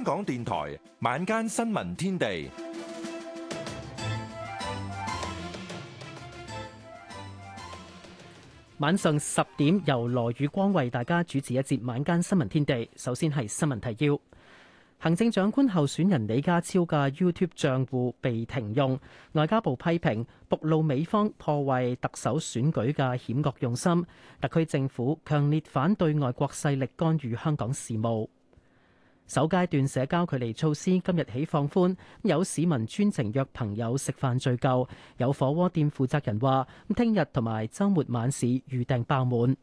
香港電台晚間新聞天地，晚上十點，由羅宇光為大家主持一節晚間新聞天地。首先係新聞提要：行政長官候選人李家超嘅 YouTube 賬戶被停用，外交部批評暴露美方破壞特首選舉嘅險惡用心，特區政府強烈反對外國勢力干預香港事務。首階段社交距離措施今日起放寬，有市民專程約朋友食飯聚舊。有火鍋店負責人話，咁聽日同埋週末晚市預訂爆滿。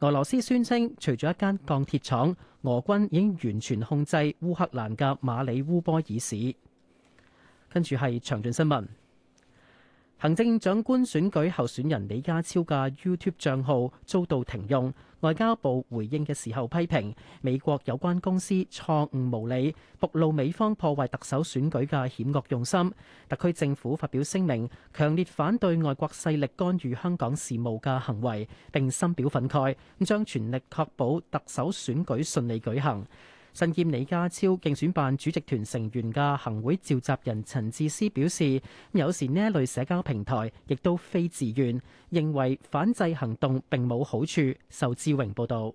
俄羅斯宣稱，除咗一間鋼鐵廠，俄軍已經完全控制烏克蘭嘅馬里烏波爾市。跟住係長進新聞。行政長官選舉候選人李家超嘅 YouTube 賬號遭到停用。外交部回應嘅時候批評美國有關公司錯誤無理，暴露美方破壞特首選舉嘅險惡用心。特區政府發表聲明，強烈反對外國勢力干預香港事務嘅行為，並深表憤慨，咁將全力確保特首選舉順利舉行。身兼李家超競選辦主席團成員嘅行會召集人陳智思表示，有時呢一類社交平台亦都非自願，認為反制行動並冇好處。仇志榮報道。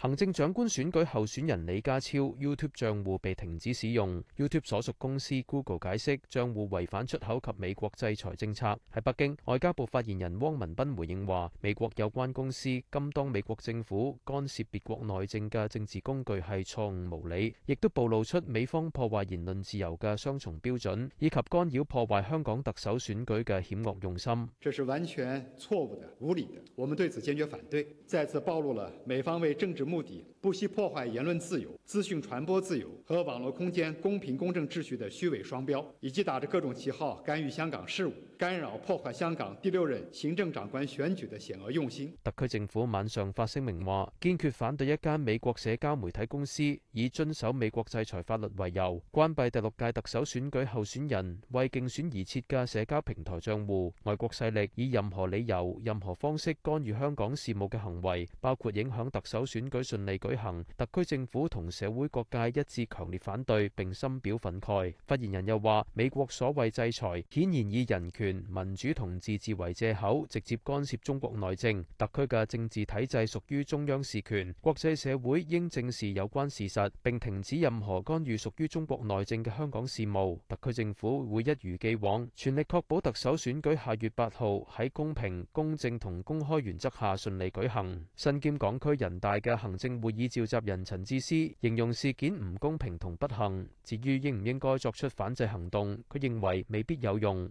行政長官選舉候選人李家超 YouTube 賬戶被停止使用，YouTube 所屬公司 Google 解釋賬戶違反出口及美國制裁政策。喺北京，外交部發言人汪文斌回應話，美國有關公司甘當美國政府干涉別國內政嘅政治工具係錯誤無理，亦都暴露出美方破壞言論自由嘅雙重標準，以及干擾破壞香港特首選舉嘅險惡用心。這是完全錯誤的，無理的，我們對此堅決反對，再次暴露了美方為政治目的不惜破壞言論自由、資訊傳播自由和網絡空間公平公正秩序的虛偽雙標，以及打着各種旗號干預香港事務，干擾破壞香港第六任行政長官選舉的險惡用心。特區政府晚上發聲明話，堅決反對一間美國社交媒體公司以遵守美國制裁法律為由，關閉第六屆特首選舉候選人為競選而設嘅社交平台賬戶。外國勢力以任何理由、任何方式干預香港事務嘅行為，包括影響特首選舉順利舉行，特區政府同社會各界一致強烈反對，並深表憤慨。發言人又話，美國所謂制裁，顯然以人權。民主同自治為借口，直接干涉中國內政。特區嘅政治體制屬於中央事權，國際社會應正視有關事實，並停止任何干預屬於中國內政嘅香港事務。特區政府會一如既往，全力確保特首選舉下月八號喺公平、公正同公開原則下順利舉行。身兼港區人大嘅行政會議召集人陳智思形容事件唔公平同不幸。至於應唔應該作出反制行動，佢認為未必有用。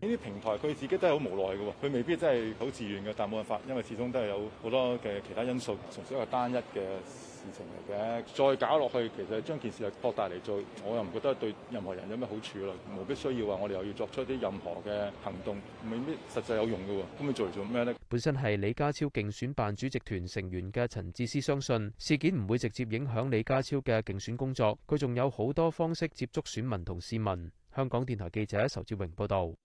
佢自己都係好無奈嘅，佢未必真係好自願嘅，但冇辦法，因為始終都係有好多嘅其他因素，純粹係單一嘅事情嚟嘅。再搞落去，其實將件事擴大嚟做，我又唔覺得對任何人有咩好處啦，冇必需要話我哋又要作出啲任何嘅行動，未必實際有用嘅，咁你做嚟做咩咧？本身係李家超競選辦主席，主席團成員嘅陳智思相信事件唔會直接影響李家超嘅競選工作，佢仲有好多方式接觸選民同市民。香港電台記者仇志榮報道。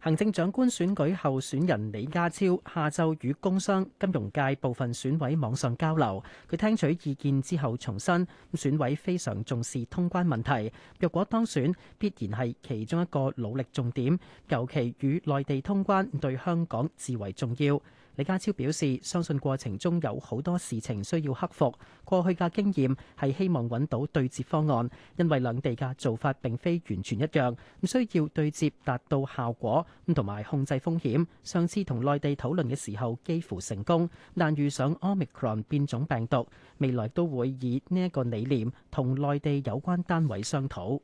行政長官選舉候選人李家超下晝與工商金融界部分選委網上交流，佢聽取意見之後重申，咁選委非常重視通關問題，若果當選，必然係其中一個努力重點，尤其與內地通關對香港至為重要。李家超表示，相信過程中有好多事情需要克服。過去嘅經驗係希望揾到對接方案，因為兩地嘅做法並非完全一樣，咁需要對接達到效果，同埋控制風險。上次同內地討論嘅時候幾乎成功，但遇上 Omicron 變種病毒，未來都會以呢一個理念同內地有關單位商討。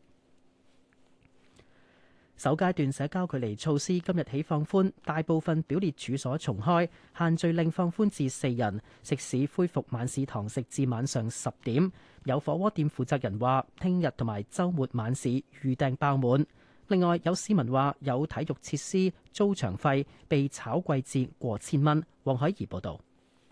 首階段社交距離措施今日起放寬，大部分表列處所重開，限聚令放寬至四人，食肆恢復晚市堂食至晚上十點。有火鍋店負責人話，聽日同埋週末晚市預訂爆滿。另外有市民話，有體育設施租場費被炒貴至過千蚊。黃海怡報導。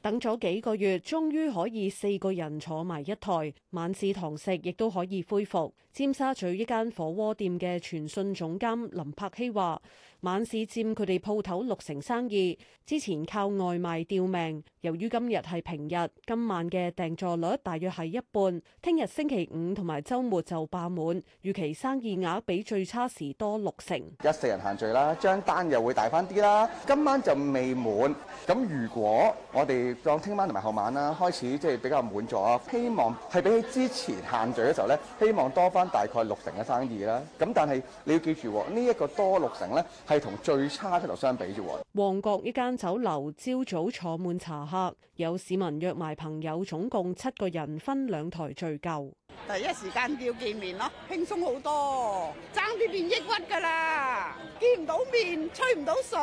等咗幾個月，終於可以四個人坐埋一枱晚市堂食，亦都可以恢復。尖沙咀一間火鍋店嘅傳訊總監林柏希話：晚市佔佢哋鋪頭六成生意，之前靠外賣吊命。由於今日係平日，今晚嘅訂座率大約係一半。聽日星期五同埋週末就爆滿，預期生意額比最差時多六成。一四人限聚啦，張單又會大翻啲啦。今晚就未滿，咁如果我哋當聽晚同埋後晚啦，開始即係比較滿座啊，希望係比起之前限聚嘅時候咧，希望多翻，大概六成嘅生意啦，咁但係你要記住呢一個多六成呢係同最差出頭相比啫。旺角一間酒樓朝早坐滿茶客，有市民約埋朋友，總共七個人分兩台聚舊。第一時間就要見面咯，輕鬆好多，爭啲變抑鬱㗎啦！見唔到面，吹唔到水。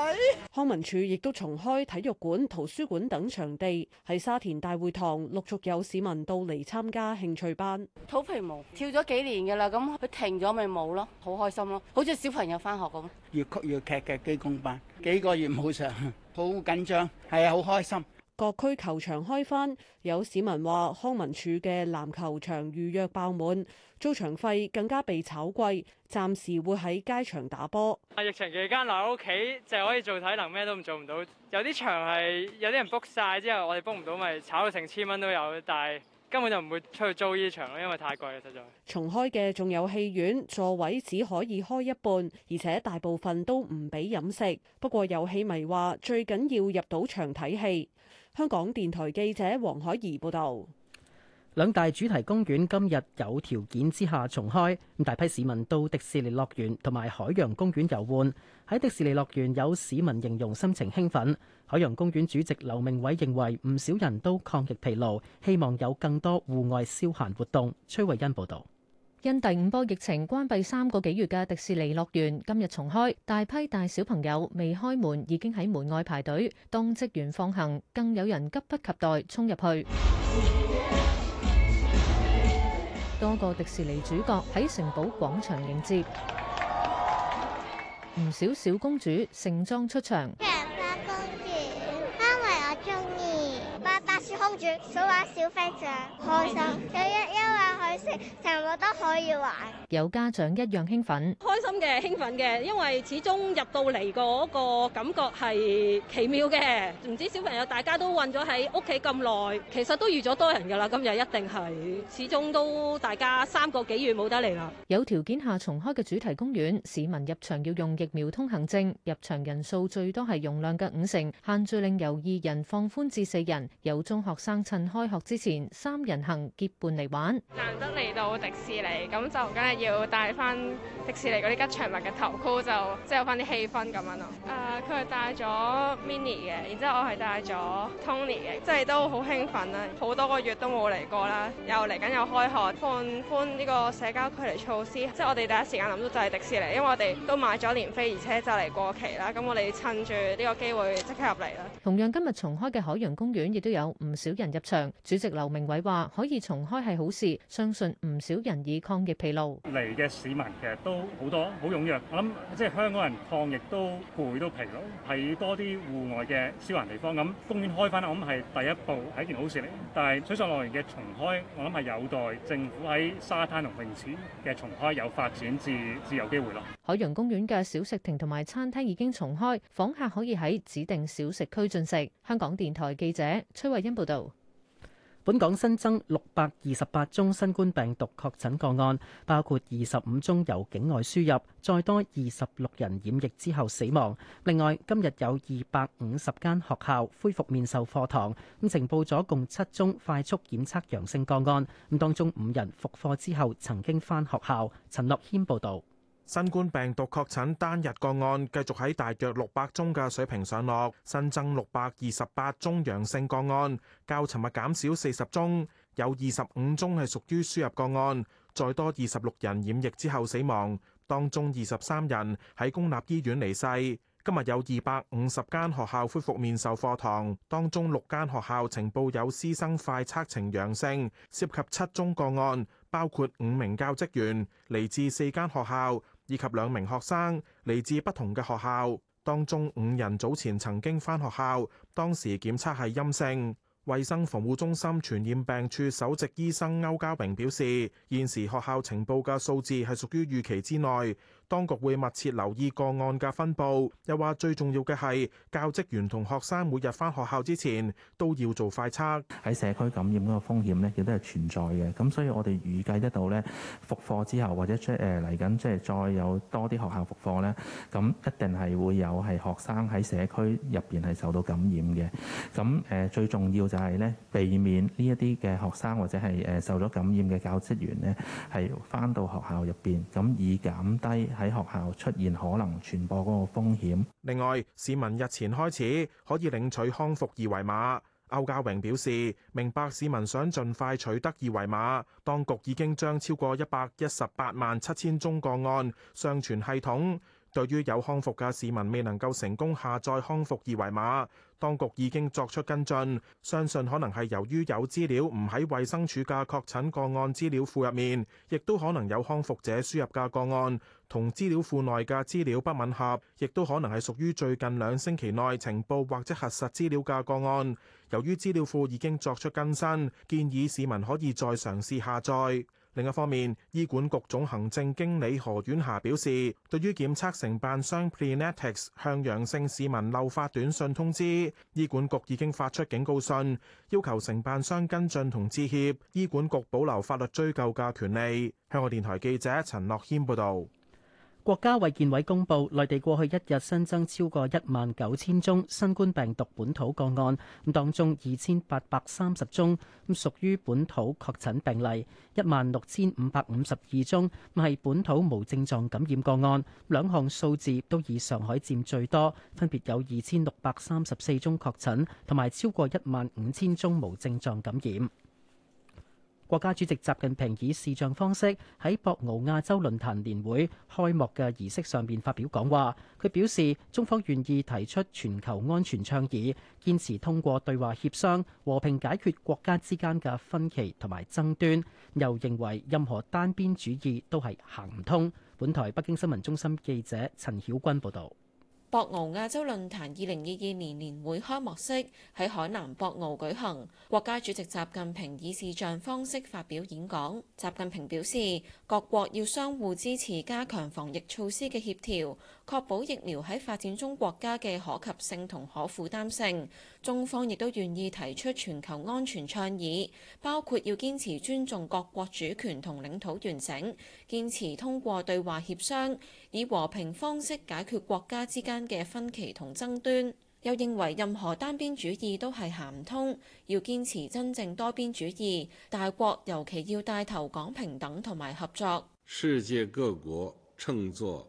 康文署亦都重開體育館、圖書館等場地，喺沙田大會堂陸續有市民到嚟參加興趣班。肚皮舞跳咗幾年㗎啦，咁佢停咗咪冇咯，好開心咯，好似小朋友返學咁。粵曲粵劇嘅基功班幾個月冇上，好緊張，係啊，好開心。各區球場開翻，有市民話康文署嘅籃球場預約爆滿，租場費更加被炒貴，暫時會喺街場打波。啊，疫情期間留喺屋企就是、可以做體能，咩都唔做唔到。有啲場係有啲人 book 晒之後，我哋 book 唔到咪炒到成千蚊都有，但係根本就唔會出去租呢場，因為太貴啦，實在。重開嘅仲有戲院，座位只可以開一半，而且大部分都唔俾飲食。不過有戲迷話最緊要入到場睇戲。香港電臺記者黃海怡報道：兩大主題公園今日有條件之下重開，大批市民到迪士尼樂園同埋海洋公園遊玩。喺迪士尼樂園，有市民形容心情興奮；海洋公園主席劉明偉認為唔少人都抗疫疲勞，希望有更多戶外消閒活動。崔慧欣報道。因第五波疫情關閉三個幾月嘅迪士尼樂園今日重開，大批大小朋友未開門已經喺門外排隊，當職員放行，更有人急不及待衝入去，多個迪士尼主角喺城堡廣場迎接，唔少小公主盛裝出場。玩小飛象，開心。有一因為佢識，成個都可以玩。有家長一樣興奮，開心嘅，興奮嘅，因為始終入到嚟嗰個感覺係奇妙嘅。唔止小朋友，大家都困咗喺屋企咁耐，其實都預咗多人㗎啦。今日一定係始終都大家三個幾月冇得嚟啦。有條件下重開嘅主題公園，市民入場要用疫苗通行證，入場人數最多係容量嘅五成，限聚令由二人放寬至四人，有中學生。趁開學之前，三人行結伴嚟玩。難得嚟到迪士尼，咁就梗係要帶翻迪士尼嗰啲吉祥物嘅頭箍，就即係有翻啲氣氛咁樣咯。誒、呃，佢係帶咗 Minnie 嘅，然之後我係帶咗 Tony 嘅，即係都好興奮啦。好多個月都冇嚟過啦，又嚟緊又開學，放寬呢個社交距離措施，即係我哋第一時間諗到就係迪士尼，因為我哋都買咗年飛，而且就嚟過期啦，咁我哋趁住呢個機會即刻入嚟啦。同樣今日重開嘅海洋公園亦都有唔少。人入場，主席劉明偉話：可以重開係好事，相信唔少人以抗疫疲勞嚟嘅市民其實都好多，好踴躍。我諗即係香港人抗疫都攰都疲勞，喺多啲戶外嘅消閒地方咁公園開翻，我諗係第一步係一件好事嚟。但係水上樂園嘅重開，我諗係有待政府喺沙灘同泳池嘅重開有發展至至有機會咯。海洋公園嘅小食亭同埋餐廳已經重開，訪客可以喺指定小食區進食。香港電台記者崔慧欣報道。本港新增六百二十八宗新冠病毒確診個案，包括二十五宗由境外輸入，再多二十六人染疫之後死亡。另外，今日有二百五十間學校恢復面授課堂，咁呈報咗共七宗快速檢測陽性個案，咁當中五人復課之後曾經翻學校。陳樂謙報道。新冠病毒確診單日個案繼續喺大約六百宗嘅水平上落，新增六百二十八宗陽性個案，較尋日減少四十宗，有二十五宗係屬於輸入個案。再多二十六人染疫之後死亡，當中二十三人喺公立醫院離世。今日有二百五十間學校恢復面授課堂，當中六間學校呈報有師生快測呈陽性，涉及七宗個案，包括五名教職員嚟自四間學校，以及兩名學生嚟自不同嘅學校，當中五人早前曾經返學校，當時檢測係陰性。衛生防護中心傳染病處首席醫生歐家榮表示，現時學校情報嘅數字係屬於預期之內。當局會密切留意個案嘅分佈，又話最重要嘅係教職員同學生每日翻學校之前都要做快測。喺社區感染嗰個風險呢，亦都係存在嘅。咁所以我哋預計得到呢，復課之後或者即係嚟緊即係再有多啲學校復課呢，咁一定係會有係學生喺社區入邊係受到感染嘅。咁誒、呃、最重要就係呢，避免呢一啲嘅學生或者係誒受咗感染嘅教職員呢，係翻到學校入邊，咁以減低。喺學校出現可能傳播嗰個風險。另外，市民日前開始可以領取康復二維碼。歐家榮表示，明白市民想盡快取得二維碼，當局已經將超過一百一十八萬七千宗個案上傳系統。對於有康復嘅市民，未能夠成功下載康復二維碼。當局已經作出跟進，相信可能係由於有資料唔喺衛生署嘅確診個案資料庫入面，亦都可能有康復者輸入嘅個案同資料庫內嘅資料不吻合，亦都可能係屬於最近兩星期內情報或者核實資料嘅個案。由於資料庫已經作出更新，建議市民可以再嘗試下載。另一方面，醫管局總行政經理何婉霞表示，對於檢測承辦商 Prenetics 向陽性市民漏發短信通知，醫管局已經發出警告信，要求承辦商跟進同致歉，醫管局保留法律追究嘅權利。香港電台記者陳樂謙報道。國家衛健委公布，內地過去一日新增超過一萬九千宗新冠病毒本土個案，咁當中二千八百三十宗咁屬於本土確診病例，一萬六千五百五十二宗咁係本土無症狀感染個案，兩項數字都以上海佔最多，分別有二千六百三十四宗確診，同埋超過一萬五千宗無症狀感染。國家主席習近平以視像方式喺博鰲亞洲論壇年會開幕嘅儀式上面發表講話。佢表示，中方願意提出全球安全倡議，堅持通過對話協商和平解決國家之間嘅分歧同埋爭端。又認為任何單邊主義都係行唔通。本台北京新聞中心記者陳曉君報道。博鰲亞洲論壇二零二二年年會開幕式喺海南博鰲舉行，國家主席習近平以視像方式發表演講。習近平表示，各國要相互支持，加強防疫措施嘅協調。確保疫苗喺發展中國家嘅可及性同可負擔性，中方亦都願意提出全球安全倡議，包括要堅持尊重各國主權同領土完整，堅持通過對話協商，以和平方式解決國家之間嘅分歧同爭端。又認為任何單邊主義都係行唔通，要堅持真正多邊主義，大國尤其要帶頭講平等同埋合作。世界各國稱作。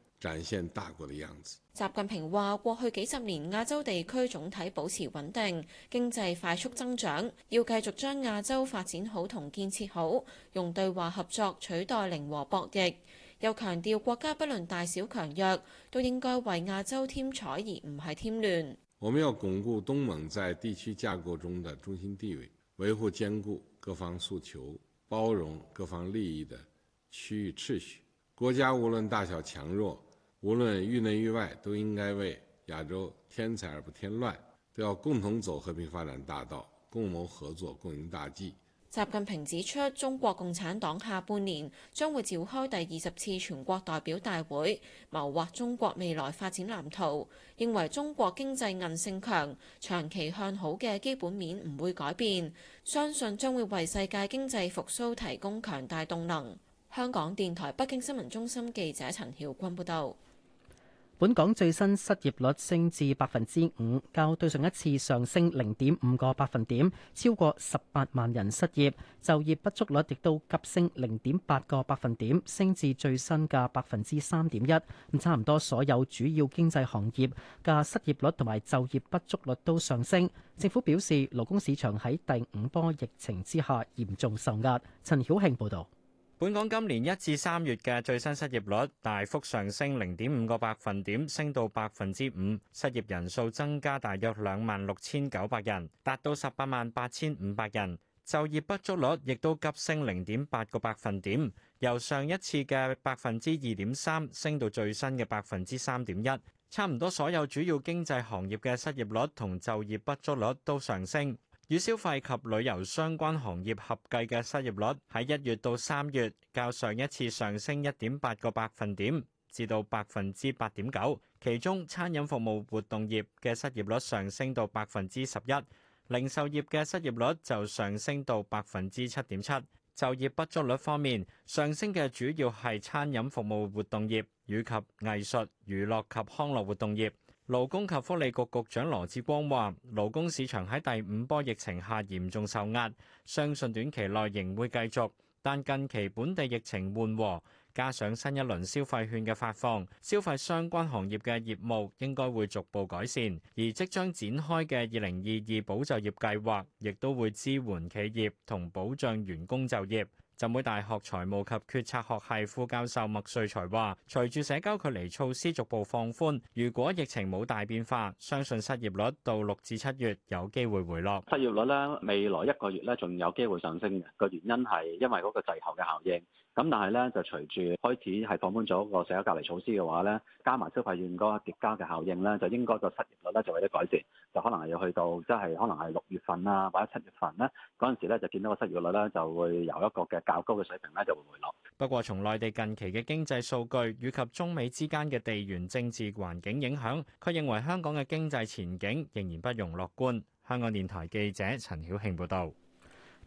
展現大國的樣子。習近平話過去幾十年亞洲地區總體保持穩定，經濟快速增長，要繼續將亞洲發展好同建設好，用對話合作取代零和博弈。又強調國家不論大小強弱，都應該為亞洲添彩而唔係添亂。我們要鞏固東盟在地區架構中的中心地位，維護兼顧各方訴求、包容各方利益的區域秩序。國家無論大小強弱，無論域內域外，都應該為亞洲添彩而不添亂，都要共同走和平發展大道，共謀合作、共贏大計。習近平指出，中國共產黨下半年將會召開第二十次全國代表大會，謀劃中國未來發展藍圖，認為中國經濟韌性強，長期向好嘅基本面唔會改變，相信將會為世界經濟復蘇提供強大動能。香港電台北京新聞中心記者陳曉君報道。本港最新失業率升至百分之五，較對上一次上升零點五個百分點，超過十八萬人失業。就業不足率亦都急升零點八個百分點，升至最新嘅百分之三點一。咁差唔多所有主要經濟行業嘅失業率同埋就業不足率都上升。政府表示，勞工市場喺第五波疫情之下嚴重受壓。陳曉慶報導。本港今年一至三月嘅最新失業率大幅上升零點五個百分點，升到百分之五，失業人數增加大約兩萬六千九百人，達到十八萬八千五百人。就業不足率亦都急升零點八個百分點，由上一次嘅百分之二點三升到最新嘅百分之三點一。差唔多所有主要經濟行業嘅失業率同就業不足率都上升。與消費及旅遊相關行業合計嘅失業率喺一月到三月較上一次上升一點八個百分點，至到百分之八點九。其中餐飲服務活動業嘅失業率上升到百分之十一，零售業嘅失業率就上升到百分之七點七。就業不足率方面，上升嘅主要係餐飲服務活動業以及藝術、娛樂及康樂活動業。勞工及福利局局長羅致光話，勞工市場喺第五波疫情下嚴重受壓，相信短期內仍會繼續，但近期本地疫情緩和，加上新一輪消費券嘅發放，消費相關行業嘅業務應該會逐步改善，而即將展開嘅二零二二保就業計劃，亦都會支援企業同保障員工就業。浸會大學財務及決策學系副教授麥瑞才話，隨住社交距離措施逐步放寬，如果疫情冇大變化，相信失業率到六至七月有機會回落。失業率咧，未來一個月咧仲有機會上升嘅，個原因係因為嗰個滯後嘅效應。咁但係咧，就隨住開始係放寬咗個社交隔離措施嘅話咧，加埋消費券嗰個疊加嘅效應咧，就應該個失業率咧就有啲改善，就可能係要去到即係、就是、可能係六月份啊，或者七月份咧，嗰陣時咧就見到個失業率咧就會由一個嘅較高嘅水平咧就會回落。不過，從內地近期嘅經濟數據以及中美之間嘅地緣政治環境影響，佢認為香港嘅經濟前景仍然不容樂觀。香港電台記者陳曉慶報導。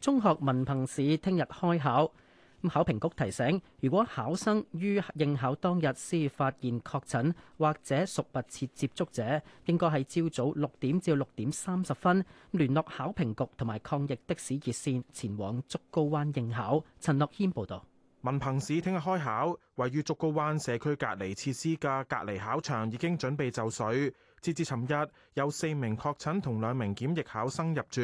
中學文憑試聽日開考。考評局提醒，如果考生於應考當日先發現確診或者屬密切接觸者，應該係朝早六點至六點三十分聯絡考評局同埋抗疫的士熱線前往竹篙灣應考。陳樂謙報道。文憑試聽日開考，位於竹篙灣社區隔離設施嘅隔離考場已經準備就緒，截至尋日，有四名確診同兩名檢疫考生入住。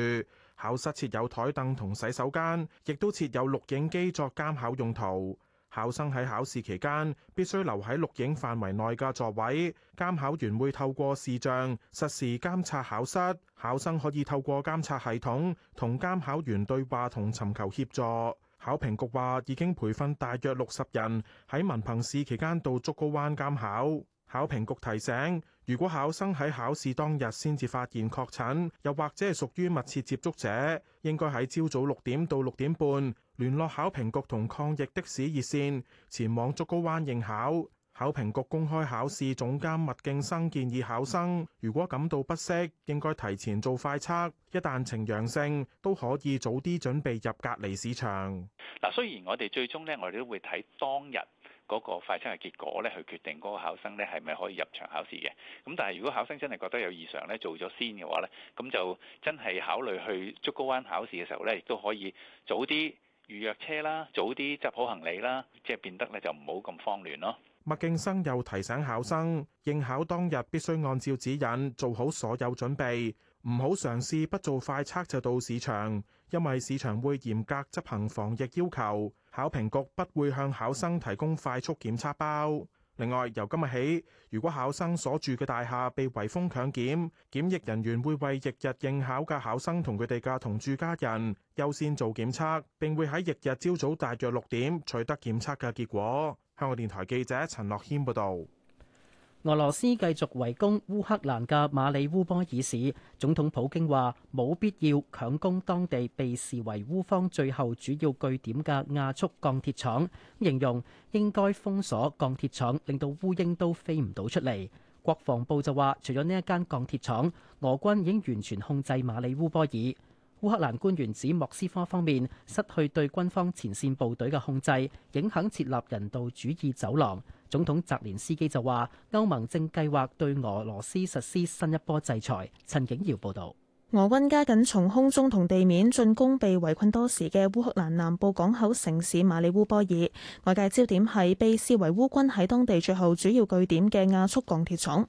考室設有台凳同洗手間，亦都設有錄影機作監考用途。考生喺考試期間必須留喺錄影範圍內嘅座位，監考員會透過視像實時監察考室。考生可以透過監察系統同監考員對話同尋求協助。考評局話已經培訓大約六十人，喺文憑試期間到竹篙灣監考。考評局提醒，如果考生喺考試當日先至發現確診，又或者係屬於密切接觸者，應該喺朝早六點到六點半聯絡考評局同抗疫的士熱線，前往竹篙灣應考。考評局公開考試總監麥敬生建議考生，如果感到不適，應該提前做快測，一旦呈陽性，都可以早啲準備入隔離市場。嗱，雖然我哋最終呢，我哋都會睇當日。嗰個快測嘅結果咧，去決定嗰個考生咧係咪可以入場考試嘅？咁但係如果考生真係覺得有異常咧，做咗先嘅話咧，咁就真係考慮去竹篙灣考試嘅時候咧，亦都可以早啲預約車啦，早啲執好行李啦，即係變得咧就唔好咁慌亂咯。麥敬生又提醒考生，應考當日必須按照指引做好所有準備。唔好嘗試不做快測就到試場，因為試場會嚴格執行防疫要求。考評局不會向考生提供快速檢測包。另外，由今日起，如果考生所住嘅大廈被圍封強檢，檢疫人員會為翌日應考嘅考生同佢哋嘅同住家人優先做檢測，並會喺翌日朝早大約六點取得檢測嘅結果。香港電台記者陳樂謙報道。俄羅斯繼續圍攻烏克蘭嘅馬里烏波爾市，總統普京話冇必要強攻當地被視為烏方最後主要據點嘅亞速鋼鐵廠，形容應該封鎖鋼鐵廠，令到烏蠅都飛唔到出嚟。國防部就話，除咗呢一間鋼鐵廠，俄軍已經完全控制馬里烏波爾。烏克蘭官員指莫斯科方面失去對軍方前線部隊嘅控制，影響設立人道主義走廊。總統澤連斯基就話：歐盟正計劃對俄羅斯實施新一波制裁。陳景耀報道。俄軍加緊從空中同地面進攻被圍困多時嘅烏克蘭南部港口城市馬里烏波爾。外界焦點係被視為烏軍喺當地最後主要據點嘅亞速鋼鐵廠。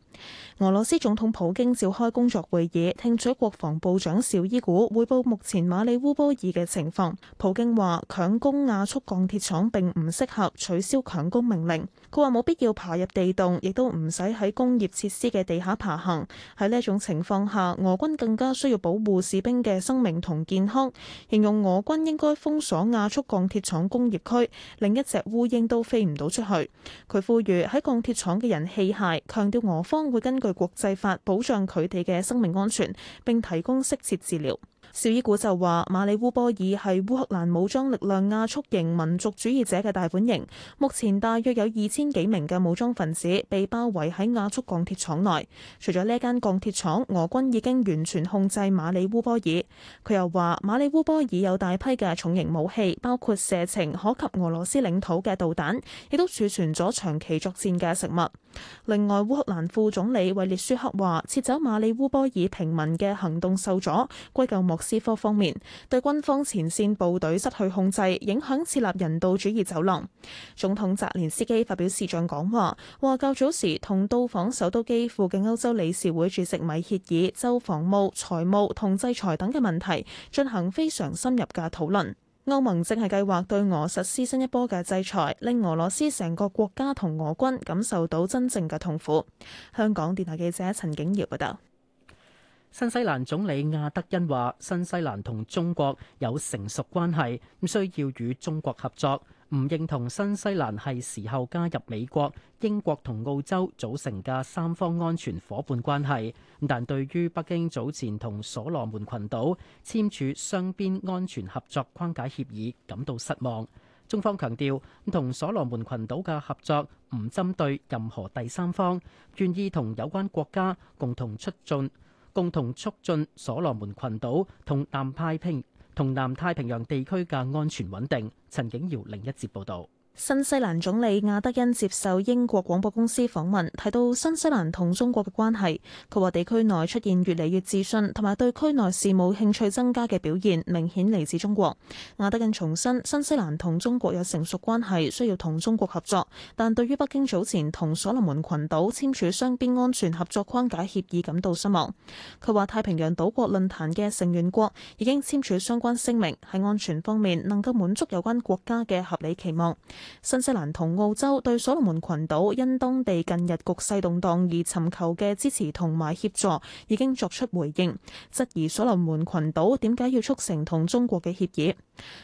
俄羅斯總統普京召開工作會議，聽取國防部長紹伊古匯報目前馬里烏波爾嘅情況。普京話強攻亞速鋼鐵廠並唔適合，取消強攻命令。佢話冇必要爬入地洞，亦都唔使喺工業設施嘅地下爬行。喺呢一種情況下，俄軍更加需要保護士兵嘅生命同健康，形容俄軍應該封鎖亞速鋼鐵廠工業區，另一隻烏蠅都飛唔到出去。佢呼籲喺鋼鐵廠嘅人棄械，強調俄方會根據國際法保障佢哋嘅生命安全，並提供適切治療。邵伊古就話，馬里烏波爾係烏克蘭武裝力量亞速營民族主義者嘅大本營，目前大約有二千幾名嘅武裝分子被包圍喺亞速鋼鐵廠內。除咗呢間鋼鐵廠，俄軍已經完全控制馬里烏波爾。佢又話，馬里烏波爾有大批嘅重型武器，包括射程可及俄羅斯領土嘅導彈，亦都儲存咗長期作戰嘅食物。另外，烏克蘭副總理維列舒克話，撤走馬里烏波爾平民嘅行動受阻，歸咎莫斯科方面，對軍方前線部隊失去控制，影響設立人道主義走廊。總統澤連斯基發表視像講話，話較早時同到訪首都基輔嘅歐洲理事會主席米歇爾就防務、財務同制裁等嘅問題進行非常深入嘅討論。歐盟正係計劃對俄實施新一波嘅制裁，令俄羅斯成個國家同俄軍感受到真正嘅痛苦。香港電台記者陳景瑤報道。新西蘭總理亞德恩話：新西蘭同中國有成熟關係，咁需要與中國合作。唔認同新西蘭係時候加入美國、英國同澳洲組成嘅三方安全夥伴關係，但對於北京早前同所羅門群島簽署雙邊安全合作框架協議感到失望。中方強調，同所羅門群島嘅合作唔針對任何第三方，願意同有關國家共同出進，共同促進所羅門群島同南太平洋同南太平洋地區嘅安全穩定，陳景瑤另一節報導。新西蘭總理亞德恩接受英國廣播公司訪問，提到新西蘭同中國嘅關係。佢話地區內出現越嚟越自信同埋對區內事務興趣增加嘅表現，明顯嚟自中國。亞德恩重申新西蘭同中國有成熟關係，需要同中國合作。但對於北京早前同所羅門群島簽署雙邊安全合作框架協議感到失望。佢話太平洋島國論壇嘅成員國已經簽署相關聲明，喺安全方面能夠滿足有關國家嘅合理期望。新西蘭同澳洲對所羅門群島因當地近日局勢動盪而尋求嘅支持同埋協助已經作出回應，質疑所羅門群島點解要促成同中國嘅協議。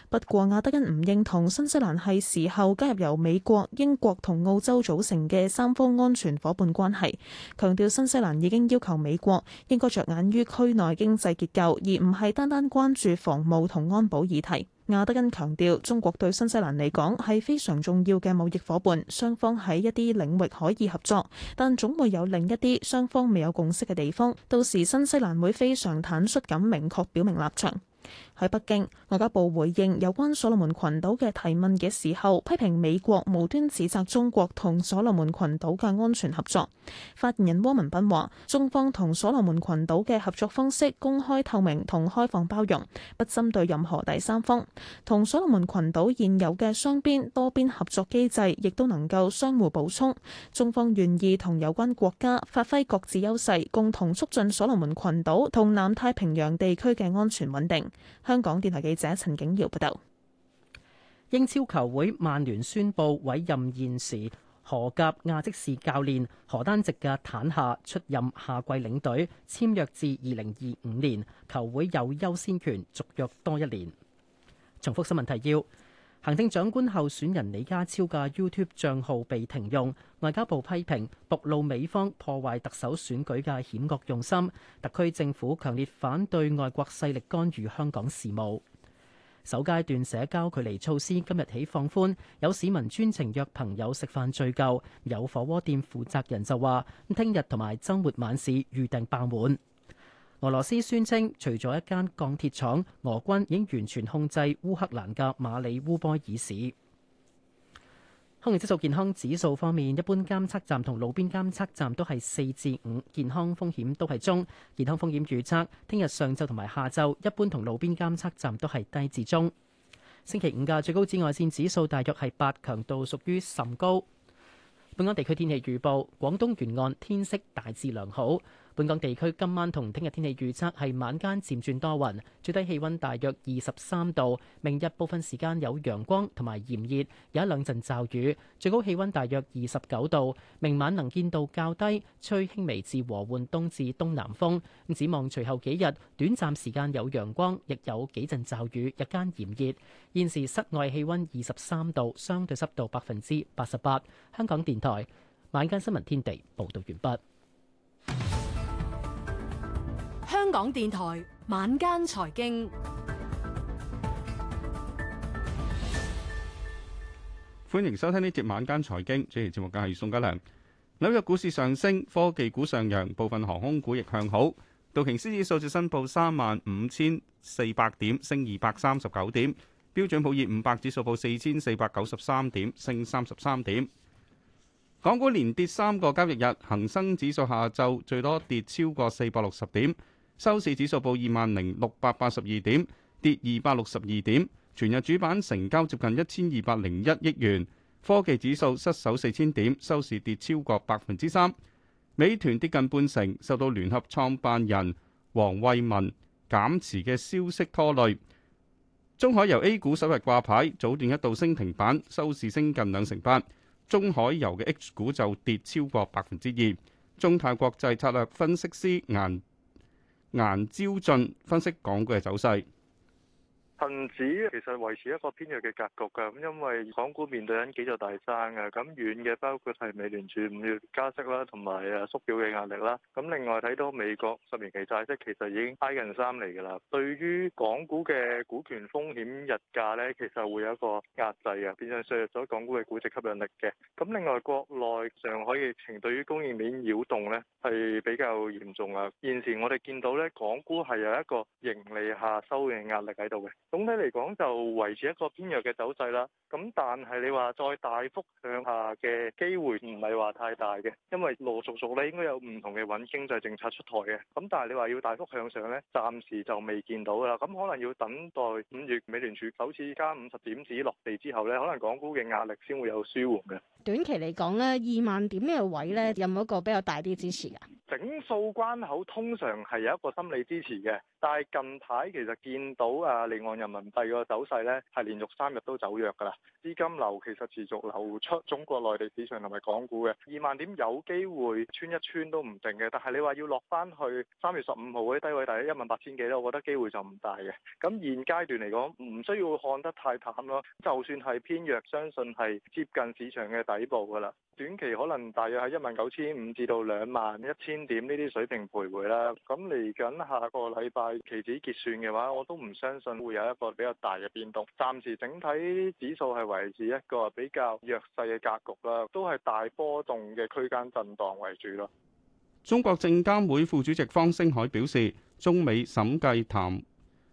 不過亞德恩唔認同新西蘭係時候加入由美國、英國同澳洲組成嘅三方安全伙伴關係，強調新西蘭已經要求美國應該着眼於區內經濟結構，而唔係單單關注防務同安保議題。亞德根強調，中國對新西蘭嚟講係非常重要嘅貿易伙伴，雙方喺一啲領域可以合作，但總會有另一啲雙方未有共識嘅地方，到時新西蘭會非常坦率咁明確表明立場。喺北京，外交部回應有關所羅門群島嘅提問嘅時候，批評美國無端指責中國同所羅門群島嘅安全合作。發言人汪文斌話，中方同所羅門群島嘅合作方式公開透明同開放包容，不針對任何第三方。同所羅門群島現有嘅雙邊多邊合作機制亦都能夠相互補充。中方願意同有關國家發揮各自優勢，共同促進所羅門群島同南太平洋地區嘅安全穩定。香港電台記者陳景堯報道，英超球會曼聯宣布委任現時荷甲亞積士教練荷蘭籍嘅坦夏出任下季領隊，簽約至二零二五年，球會有優先權續約多一年。重複新聞提要。行政長官候選人李家超嘅 YouTube 賬號被停用，外交部批評暴露美方破壞特首選舉嘅險惡用心，特區政府強烈反對外國勢力干預香港事務。首階段社交距離措施今日起放寬，有市民專程約朋友食飯聚舊，有火鍋店負責人就話，聽日同埋周末晚市預訂爆滿。俄羅斯宣稱，除咗一間鋼鐵廠，俄軍已經完全控制烏克蘭嘅馬里烏波爾市。空氣質素健康指數方面，一般監測站同路邊監測站都係四至五，健康風險都係中。健康風險預測，聽日上晝同埋下晝，一般同路邊監測站都係低至中。星期五嘅最高紫外線指數大約係八，強度屬於甚高。本港地區天氣預報：廣東沿岸天色大致良好。本港地區今晚同聽日天氣預測係晚間漸轉多雲，最低氣溫大約二十三度。明日部分時間有陽光同埋炎熱，有一兩陣驟雨，最高氣溫大約二十九度。明晚能見度較低，吹輕微至和緩東至東南風，咁展望隨後幾日短暫時間有陽光，亦有幾陣驟雨，日間炎熱，現時室外氣溫二十三度，相對濕度百分之八十八。香港電台晚間新聞天地報道完畢。香港電台晚間財經，歡迎收聽呢節晚間財經。主持節目嘅係宋家良。紐約股市上升，科技股上揚，部分航空股亦向好。道瓊斯指數申報三萬五千四百點，升二百三十九點。標準普爾五百指數報四千四百九十三點，升三十三點。港股連跌三個交易日，恒生指數下晝最多跌超過四百六十點。收市指數報二萬零六百八十二點，跌二百六十二點。全日主板成交接近一千二百零一億元。科技指數失守四千點，收市跌超過百分之三。美團跌近半成，受到聯合創辦人王慧文減持嘅消息拖累。中海油 A 股首日掛牌，早段一度升停板，收市升近兩成八。中海油嘅 H 股就跌超過百分之二。中泰國際策略分析師顏。顏招駿分析港股嘅走勢。恆指其實維持一個偏弱嘅格局㗎，咁因為港股面對緊幾座大山啊，咁遠嘅包括係美聯儲五月加息啦，同埋啊縮表嘅壓力啦。咁另外睇到美國十年期債息其實已經挨近三厘㗎啦，對於港股嘅股權風險溢價咧，其實會有一個壓制啊，變相削弱咗港股嘅估值吸引力嘅。咁另外國內上海疫情對於供應鏈擾動咧係比較嚴重啊。現時我哋見到咧，港股係有一個盈利下修嘅壓力喺度嘅。總體嚟講就維持一個偏弱嘅走勢啦，咁但係你話再大幅向下嘅機會唔係話太大嘅，因為陸陸續續咧應該有唔同嘅穩經濟政策出台嘅，咁但係你話要大幅向上咧，暫時就未見到啦，咁可能要等待五月美聯儲首次加五十點子落地之後咧，可能港股嘅壓力先會有舒緩嘅。短期嚟講咧，二萬點嘅位咧有冇一個比較大啲支持噶？整數關口通常係有一個心理支持嘅。但係近排其實見到啊，離岸人民幣個走勢咧，係連續三日都走弱㗎啦。資金流其實持續流出中國內地市場同埋港股嘅二萬點有機會穿一穿都唔定嘅。但係你話要落翻去三月十五號嗰啲低位，低位低，大概一萬八千幾咧，我覺得機會就唔大嘅。咁現階段嚟講，唔需要看得太淡咯。就算係偏弱，相信係接近市場嘅底部㗎啦。短期可能大約係一萬九千五至到兩萬一千點呢啲水平徘徊啦。咁嚟緊下個禮拜期指結算嘅話，我都唔相信會有一個比較大嘅變動。暫時整體指數係維持一個比較弱勢嘅格局啦，都係大波動嘅區間震盪為主咯。中國證監會副主席方星海表示，中美審計談。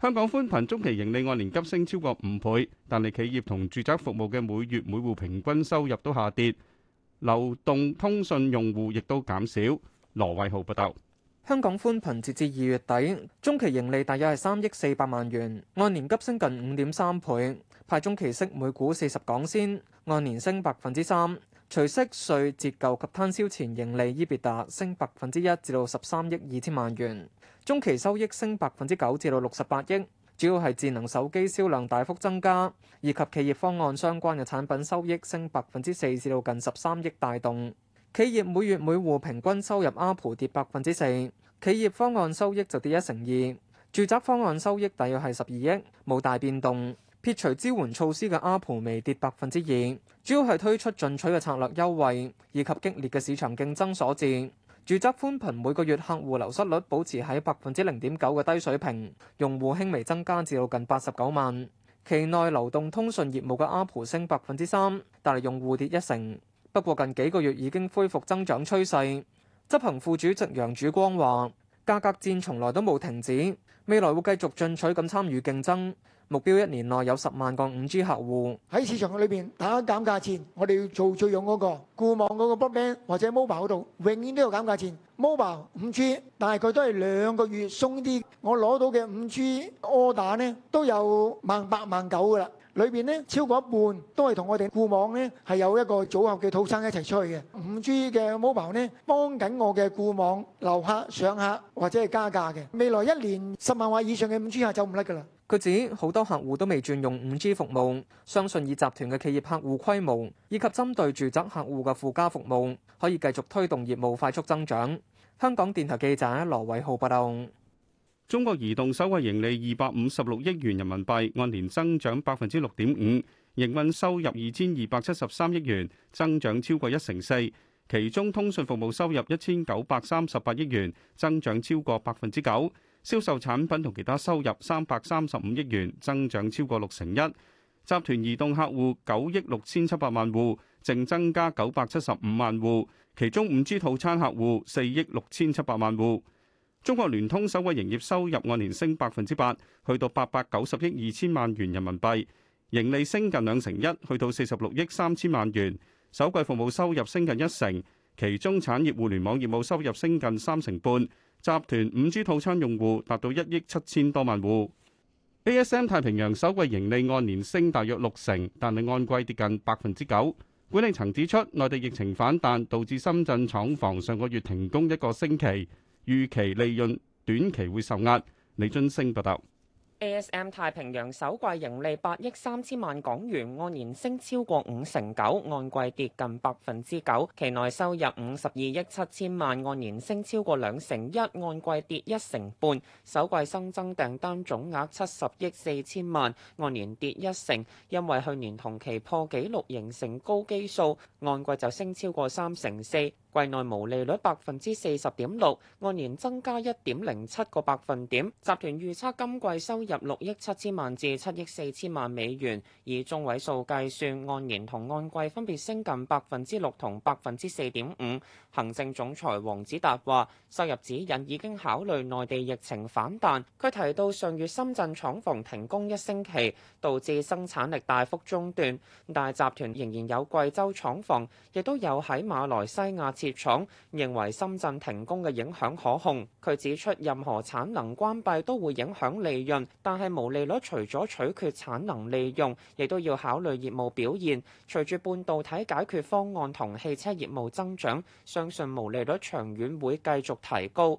香港寬頻中期盈利按年急升超過五倍，但係企業同住宅服務嘅每月每戶平均收入都下跌，流動通訊用戶亦都減少。羅偉浩報道，香港寬頻截至二月底中期盈利大約係三億四百萬元，按年急升近五點三倍，派中期息每股四十港仙，按年升百分之三。除息稅折舊及攤銷前盈利伊 b i 升百分之一至到十三億二千萬元，中期收益升百分之九至到六十八億，主要係智能手機銷量大幅增加，以及企業方案相關嘅產品收益升百分之四至到近十三億帶動。企業每月每戶平均收入 a p 跌百分之四，企業方案收益就跌一成二，住宅方案收益大約係十二億，冇大變動。撇除支援措施嘅 ARPU 微跌百分之二，主要係推出進取嘅策略優惠以及激烈嘅市場競爭所致。住宅寬頻每個月客戶流失率保持喺百分之零點九嘅低水平，用戶輕微增加至到近八十九萬。期內流動通訊業務嘅 ARPU 升百分之三，但係用戶跌一成。不過近幾個月已經恢復增長趨勢。執行副主席楊主光話，價格戰從來都冇停止，未來會繼續進取咁參與競爭。目標一年內有十萬個五 G 客戶，喺市場裏邊打減價戰，我哋要做最勇嗰、嗰個固網嗰個 broadband o 或者 Mobile 嗰度，永遠都有減價戰。Mobile 五、嗯、G 大概都係兩個月鬆啲，我攞到嘅五 G order 咧都有萬八萬九噶啦，裏面咧超過一半都係同我哋固網咧係有一個組合嘅套餐一齊出去嘅。五 G 嘅 Mobile 咧幫緊我嘅固網留客、上客或者係加價嘅。未來一年十萬或以上嘅五 G 客走唔甩噶啦。佢指好多客戶都未轉用五 G 服務，相信以集團嘅企業客戶規模以及針對住宅客戶嘅附加服務，可以繼續推動業務快速增長。香港電台記者羅偉浩報道。中國移動首季盈利二百五十六億元人民幣，按年增長百分之六點五，營運收入二千二百七十三億元，增長超過一成四。其中通訊服務收入一千九百三十八億元，增長超過百分之九。銷售產品同其他收入三百三十五億元，增長超過六成一。集團移動客戶九億六千七百萬戶，淨增加九百七十五萬戶，其中五 G 套餐客戶四億六千七百萬戶。中國聯通首季營業收入按年升百分之八，去到八百九十億二千萬元人民幣，盈利升近兩成一，去到四十六億三千萬元。首季服務收入升近一成，其中產業互聯網業務收入升近三成半。集團五 G 套餐用戶達到一億七千多萬戶。ASM 太平洋首季盈利按年升大約六成，但係按季跌近百分之九。管理層指出，內地疫情反彈導致深圳廠房上個月停工一個星期，預期利潤短期會受壓。李津升報道。ASM 太平洋首季盈利八億三千萬港元，按年升超過五成九，按季跌近百分之九。期內收入五十二億七千萬，按年升超過兩成一，按季跌一成半。首季新增訂單總額七十億四千萬，按年跌一成，因為去年同期破紀錄形成高基數，按季就升超過三成四。季內毛利率百分之四十點六，按年增加一點零七個百分點。集團預測今季收入六億七千萬至七億四千萬美元，以中位數計算，按年同按季分別升近百分之六同百分之四點五。行政總裁黃子達話：收入指引已經考慮內地疫情反彈。佢提到上月深圳廠房停工一星期，導致生產力大幅中斷，但係集團仍然有貴州廠房，亦都有喺馬來西亞。設廠，認為深圳停工嘅影響可控。佢指出任何產能關閉都會影響利潤，但係毛利率除咗取決產能利用，亦都要考慮業務表現。隨住半導體解決方案同汽車業務增長，相信毛利率長遠會繼續提高。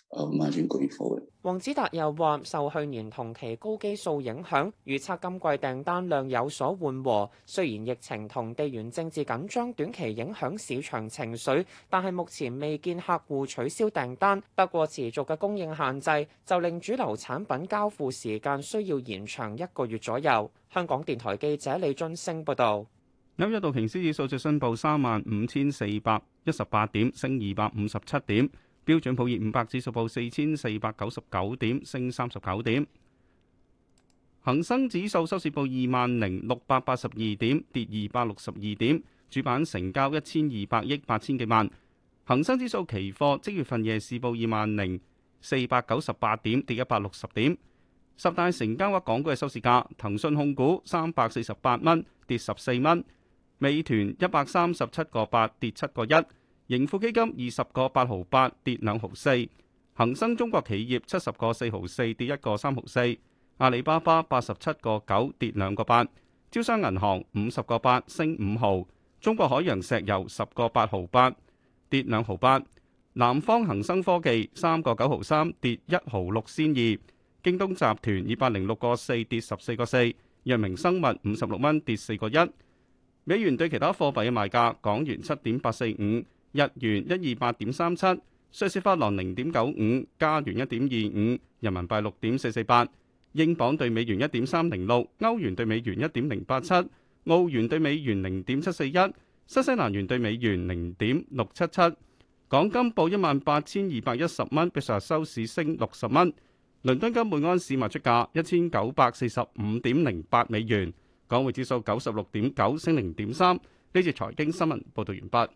買點王子達又話，受去年同期高基數影響，預測今季訂單量有所緩和。雖然疫情同地緣政治緊張短期影響市場情緒，但係目前未見客戶取消訂單。不過持續嘅供應限制就令主流產品交付時間需要延長一個月左右。香港電台記者李津升報道。今日道瓊斯指數就收報三萬五千四百一十八點，升二百五十七點。標準普爾五百指數報四千四百九十九點，升三十九點。恒生指數收市報二萬零六百八十二點，跌二百六十二點。主板成交一千二百億八千幾萬。恒生指數期貨即月份夜市報二萬零四百九十八點，跌一百六十點。十大成交額港股嘅收市價，騰訊控股三百四十八蚊，跌十四蚊。美團一百三十七個八，跌七個一。盈富基金二十個八毫八跌兩毫四，恒生中國企業七十個四毫四跌一個三毫四，阿里巴巴八十七個九跌兩個八，招商銀行五十個八升五毫，中國海洋石油十個八毫八跌兩毫八，南方恒生科技三個九毫三跌一毫六仙二，京東集團二百零六個四跌十四個四，藥明生物五十六蚊跌四個一，美元對其他貨幣嘅賣價，港元七點八四五。日元一二八點三七，瑞士法郎零點九五，加元一點二五，人民幣六點四四八，英鎊兌美元一點三零六，歐元兌美元一點零八七，澳元兌美元零點七四一，新西蘭元兌美元零點六七七。港金報一萬八千二百一十蚊，比上日收市升六十蚊。倫敦金每安士賣出價一千九百四十五點零八美元。港匯指數九十六點九升零點三。呢節財經新聞報道完畢。